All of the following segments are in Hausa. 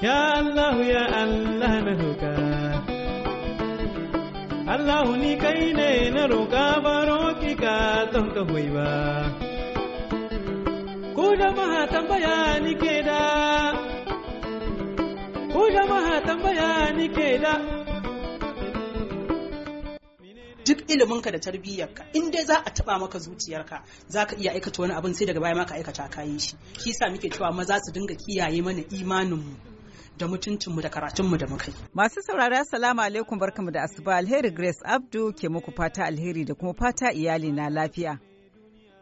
Ya Allah ya Allah na roƙa Allah ni kai ne na roƙa baro ki ka don ka hoyi ba Ku jama'a tambaya ni ke da Ku jama'a tambaya ni ke da duk iliminka da tarbiyyarka in dai za a taɓa maka zuciyarka za ka iya aikata wani abin sai daga baya maka ka aikata ka yi shi shi sa muke cewa maza su dinga kiyaye mana imaninmu da mutuncinmu da karatunmu da muka yi. Masu saurari assalamu alaikum barkamu da asuba alheri Grace Abdu ke muku fata alheri da kuma fata iyali na lafiya.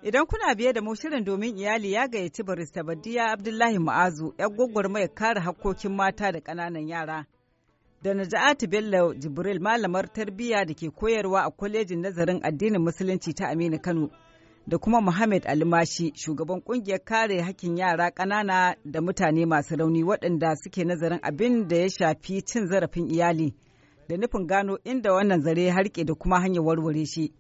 Idan kuna biye da mu shirin domin iyali ya gayyaci barista Badiya Abdullahi Mu'azu yar gwagwarmayar kare hakkokin mata da ƙananan yara. Da Naja'atu Bello Jibril malamar tarbiyya da ke koyarwa a kwalejin nazarin addinin musulunci ta Aminu Kano. da kuma Muhammad Almashi shugaban kungiyar kare hakkin yara ƙanana da mutane masu rauni waɗanda suke nazarin abin da ya shafi cin zarafin iyali da nufin gano inda wannan zare harke da kuma hanyar warware shi.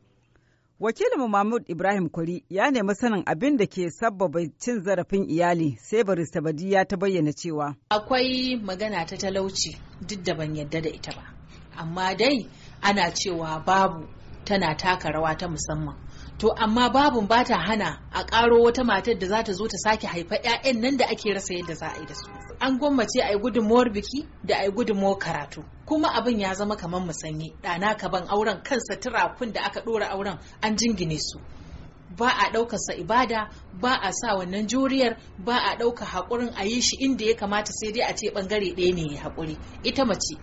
Wakilin Mahmud Ibrahim Kwari ya nemi sanin abin da ke sabbaba cin zarafin iyali sai barista ya ta bayyana cewa. Akwai magana ta talauci duk da ban yadda da ita ba, amma dai ana cewa babu tana taka rawa ta musamman. to amma babun ba ta hana a ƙaro wata matar da za ta zo ta sake haifa 'ya'yan nan da ake rasa yadda za a yi da su an gwammace a yi gudunmuwar biki da a yi gudunmuwar karatu kuma abin ya zama kamar musanyi ɗana ka ban auren kansa turakun da aka ɗora auren an jingine su ba a ɗaukarsa ibada ba a sa wannan juriyar ba a ɗauka haƙurin a yi shi inda ya kamata sai dai a ce ɓangare ɗaya ne ya haƙuri ita mace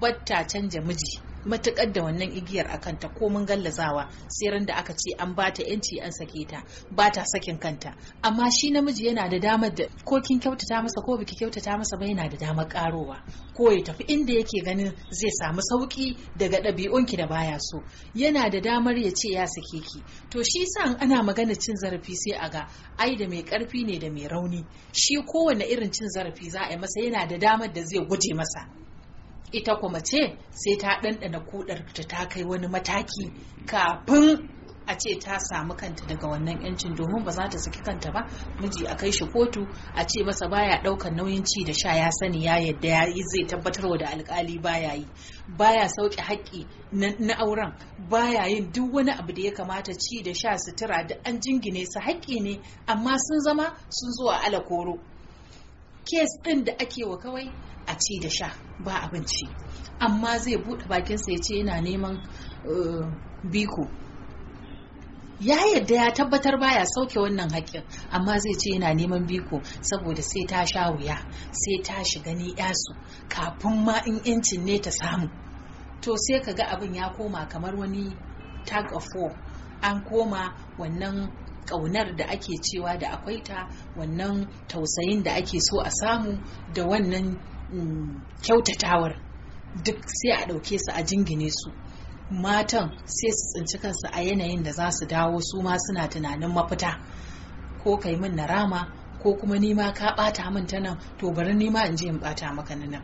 batta canja miji matukar da wannan igiyar a kanta ko mun gallazawa sai ran da aka ce an bata yanci an sake ta ba ta sakin kanta amma shi namiji yana da damar da ko kin kyautata masa ko biki kyautata masa ba yana da damar karowa ko ya tafi inda yake ganin zai samu sauki daga ɗabi'unki da baya so yana da damar ya ce ya sake ki to shi sa ana magana cin zarafi sai a ga ai da mai karfi ne da mai rauni shi kowane irin cin zarafi za a yi masa yana da damar da zai guje masa ita kuma ce sai ta ɗanɗana kudar ta ta kai wani mataki kafin a ce ta samu kanta daga wannan yancin domin ba za ta saki kanta ba miji a kai shi kotu a ce masa baya ɗaukar nauyin ci da sha ya sani ya yadda ya yi zai tabbatarwa da alkali baya yi baya sauke haƙƙi na auren baya yin duk wani abu da ya kamata ci da sha sutura da an jingine su haƙƙi ne amma sun zama sun zo a alakoro kes ɗin da ake wa kawai a ci da sha ba abinci amma zai buɗe bakinsa ya ce yana neman eh, biko ya yadda ya tabbatar baya sauke wannan haƙƙin amma zai ce yana neman biko saboda sai ta sha wuya sai ta shiga ni yasu kafin ma in yancin ne ta samu to sai ka ga abin ya koma kamar wani tag of war an koma wannan Kaunar da ake cewa da akwai ta wannan tausayin da ake so a samu da wannan mm, kyautatawar duk sai a ɗauke su a jingine su matan sai su tsinci kansu a yanayin da za su dawo su ma suna tunanin mafita ko kai min na rama ko kuma nima ka ɓata min ta nan to bari nima in je in bata maka na nan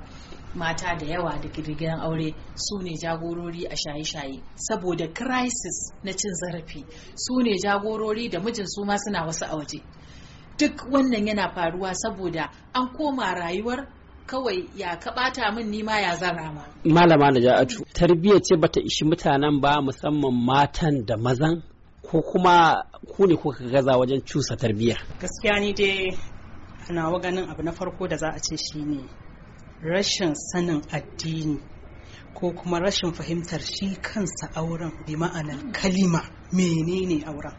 mata da yawa da gidan aure su ne jagorori a shaye-shaye saboda crisis na cin zarafi su ne jagorori da mijin su ma suna wasu a waje duk wannan yana faruwa saboda an koma rayuwar kawai ya kaɓata min nima ya zara ma. Malama na ja'atu tarbiyya ce bata ishi mutanen ba musamman matan da mazan ko kuma ku ne kuka gaza wajen cusa tarbiyyar? Gaskiya ni dai nawa ganin abu na farko da za a ce shine rashin sanin addini ko kuma rashin fahimtar shi kansa auren bi ma'anar kalima menene auren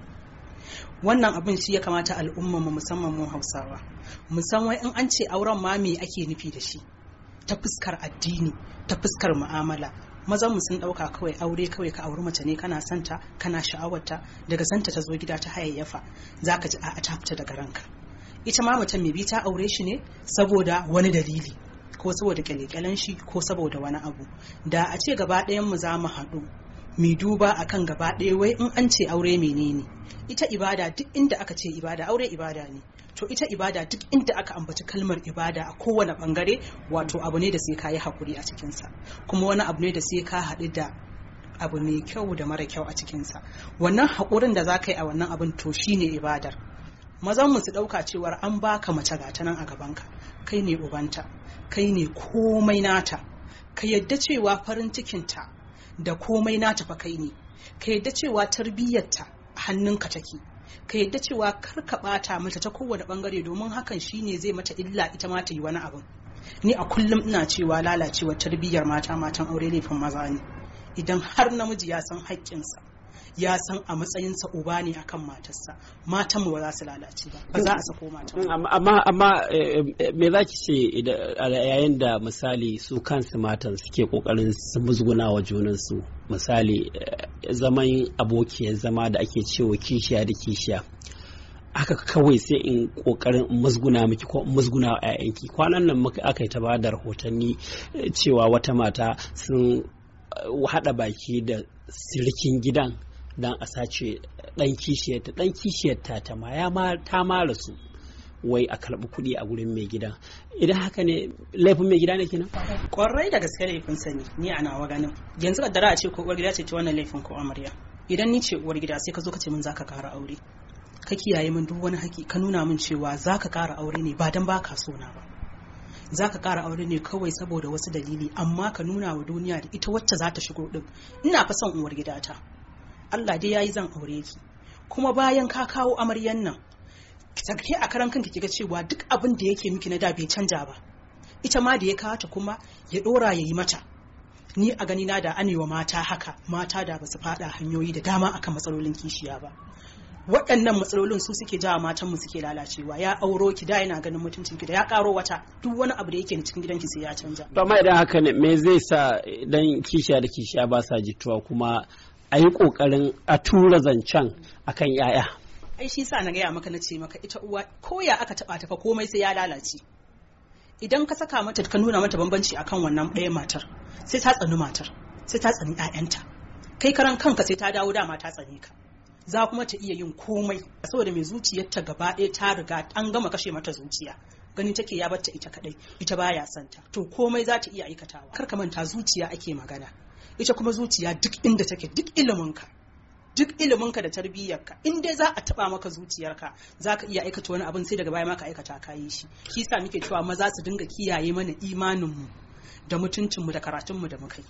wannan abin shi ya kamata al'umma mu musamman mu hausawa musamman in an ce auren ma me ake nufi da shi ta fuskar addini ta fuskar mu'amala mazan mu sun dauka kawai aure kawai ka auri mace ne kana santa kana sha'awarta daga santa ta zo gida ta hayayyafa zaka ji a ta fita daga ranka ita ma mace mai bi ta aure shi ne saboda wani dalili ko saboda kyalekyalen shi ko saboda wani abu da a ce gaba ɗayan mu za mu haɗu mi duba akan gaba ɗaya wai in an ce aure menene ita ibada duk inda aka ce ibada aure ibada ne to ita ibada duk inda aka ambaci kalmar ibada a kowane bangare wato abu ne da sai ka yi hakuri a cikinsa kuma wani abu ne da sai ka haɗu da abu mai kyau da mara kyau a cikinsa wannan haƙurin da za ka yi a wannan abin to shine ibadar mazan mu su dauka cewar an baka mace gata nan a gabanka kai ne ubanta kai ne komai nata ka yadda cewa farin ta. da komai nata fa kai ne ka yadda cewa tarbiyyarta hannunka take ka yadda cewa kar ka bata mata ta kowane bangare domin hakan shine zai mata illa ita ma ta yi wani abu. ni a kullum ina cewa lalacewar tarbiyyar mata matan aure laifin maza ne idan har namiji ya san haƙƙinsa ya san a matsayinsa uba ne akan matarsa matan mu ba za su lalace ba ba za a sako matan mm, amma amma eh, eh, me za ki ce yayin da misali su kansu matan suke kokarin su musguna wa junansu misali eh, zaman abokiyar zama da ake cewa kishiya da kishiya haka kawai sai in kokarin musguna miki ko musguna wa 'ya'yanki kwanan nan muka aka yi ta ba da rahotanni cewa wata mata sun hada baki da sirikin gidan don a sace ɗan kishiyarta ɗan kishiyarta ta ma ta mara rasu wai a karɓi kuɗi a gurin mai gida idan haka ne laifin mai gida ne kenan Ƙwarai da gaske laifin sani ni a nawa ganin yanzu dara a ce ko uwar gida ce ta wannan laifin ko amarya idan ni ce uwar gida sai ka zo ka ce min zaka kara aure ka kiyaye min duk wani haƙi ka nuna min cewa zaka kara aure ne ba dan baka so na ba za ka ƙara aure ne kawai saboda wasu dalili amma ka nuna wa duniya da ita wacce za ta shigo ɗin ina fa son uwar gidata Allah dai yayi zan aure ki kuma bayan ka kawo amaryan nan ke a karan kanki kiga cewa duk abin da yake miki na da bai canja ba ita ma da ya kawo ta kuma ya dora yayi mata ni a gani na da anewa mata haka mata da basu fada hanyoyi da dama akan matsalolin kishiya ba waɗannan matsalolin su suke jawa matan mu suke lalacewa ya auro ki da yana ganin mutuncin ki da ya karo wata duk wani abu da yake cikin gidanki sai ya canja to amma idan haka ne me zai sa idan kishiya da kishiya ba sa jituwa kuma a yi kokarin a tura zancen akan yaya ai shi sa na gaya maka na ce maka ita uwa ko ya aka taba ta fa komai sai ya lalace idan ka saka mata ka nuna mata bambanci akan wannan ɗaya matar sai ta tsani matar sai ta tsani 'ya'yanta kai karan kanka sai ta dawo dama ta tsani ka za kuma ta iya yin komai saboda mai zuciyarta gaba ɗaya ta riga an gama kashe mata zuciya ganin take ya batta ita kadai ita baya santa to komai za ta iya aikatawa kar ka manta zuciya ake magana ita kuma zuciya duk inda take duk iliminka duk iliminka da tarbiyyarka in dai za a taba maka zuciyarka za ka iya aikata wani abin sai daga baya maka aikata ka yi shi shi sa muke cewa maza su dinga kiyaye mana imaninmu da mutuncinmu da karatunmu da muka yi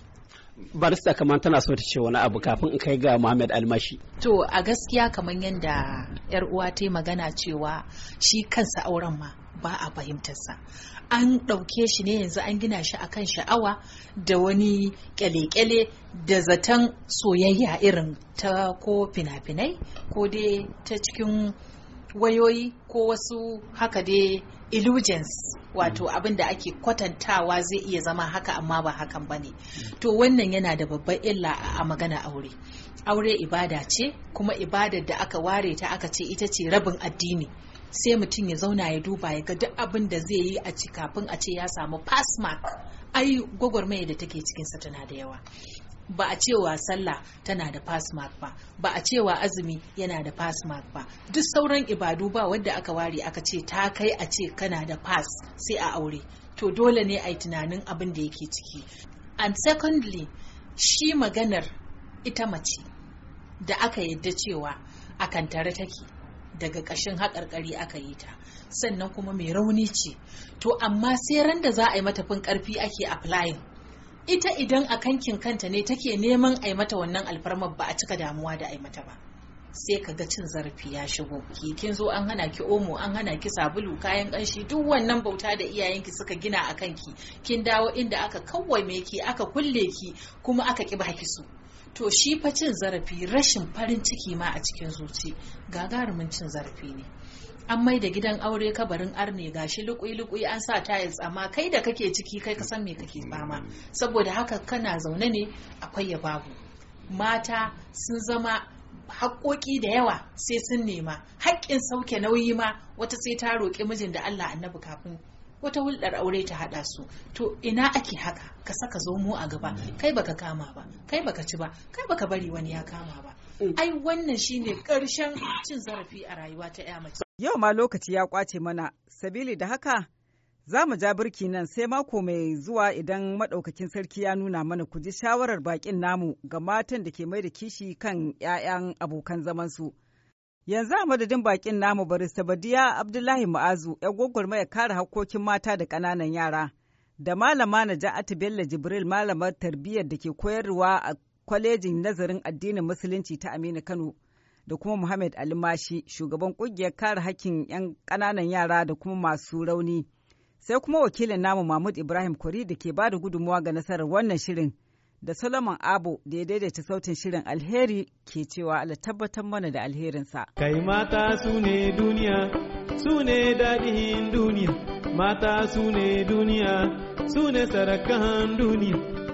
barista kamar tana so ta ce wani abu kafin in kai ga Muhammad Almashi. To a gaskiya kamar yadda yar uwa ta magana cewa shi kansa auren ma ba a fahimtarsa. An ɗauke shi ne yanzu an gina shi akan sha'awa da wani kyale-kyale da zaton soyayya irin ta ko fina-finai ko dai ta cikin wayoyi ko wasu haka dai illusions wato mm. abin da ake kwatantawa zai iya zama haka amma ba hakan ba ne mm. to wannan yana da babban illa a magana aure aure ibada ce kuma ibadar da aka ware ta aka ce ita ce rabin addini sai mutum ya zauna ya duba ya ga duk abin da zai yi a ci kafin a ce ya samu pass mark ai gwagwarmaya da take cikinsa tana da yawa ba a cewa sallah tana da pass mark ba ba a cewa azumi yana da pass mark ba duk sauran ibadu ba wadda aka ware aka ce ta kai a ce kana da pass sai a aure to dole ne a yi tunanin abin da yake ciki and secondly shi maganar ita mace da aka yadda cewa a kantare take daga ƙashin haƙarƙari aka yi ta sannan kuma mai rauni ce to amma sai ran da za a yi matafin ƙarfi ake applying ita idan a kankin kanta ne take neman ai mata wannan alfarmar ba a cika damuwa da ai mata ba sai ka ga cin zarafi ya shigo kin zo an hana ki omo an hana ki sabulu kayan ƙanshi duk wannan bauta da iyayenki suka gina a kanki kin dawo inda aka kawwame ki aka kulle ki kuma aka ba ki su to shi fa cin zarafi rashin farin ciki ma a cikin zuci gagarumin cin zarafi ne an mai da gidan aure kabarin arne shi lukui-lukui an sa tiles amma kai da kake ciki kai kasan me kake fama saboda haka kana zaune ne akwai ya babu mata sun zama haƙoƙi da yawa sai sun nema haƙƙin sauke nauyi ma wata sai ta roƙi mijin da Allah annabi kafin wata hulɗar aure ta haɗa su to ina ake haka ka saka zomo a gaba kai baka kama ba kai baka ci ba kai baka bari wani ya kama ba mm. ai wannan shine ƙarshen cin zarafi a rayuwa ta ya mace Yau ma lokaci ya kwace mana, sabili da haka za mu ja birki nan sai mako mai zuwa idan maɗaukakin sarki ya nuna mana ku ji shawarar baƙin namu ga matan da ke mai da kishi kan 'ya'yan abokan zamansu. Yanzu a madadin baƙin namu bari sabadiya Abdullahi Ma'azu, 'yan gwagwarmaya kare hakkokin mata da ƙananan yara. da malama Naja'atu Bello Jibril malamar tarbiyyar da ke koyarwa a kwalejin nazarin addinin musulunci ta Aminu Kano da kuma Muhammad Ali Mashi shugaban kungiyar kare hakkin 'yan ƙananan yara da kuma masu rauni. Sai kuma wakilin namu Mahmud Ibrahim Kori da ke bada gudunmawa ga nasarar wannan shirin da Solomon Abo da ya daidaita sautin shirin alheri ke cewa Allah tabbatar mana da alherinsa. Kai mata su ne duniya, su ne daɗin duniya, mata su duniya, su ne sarakan duniya.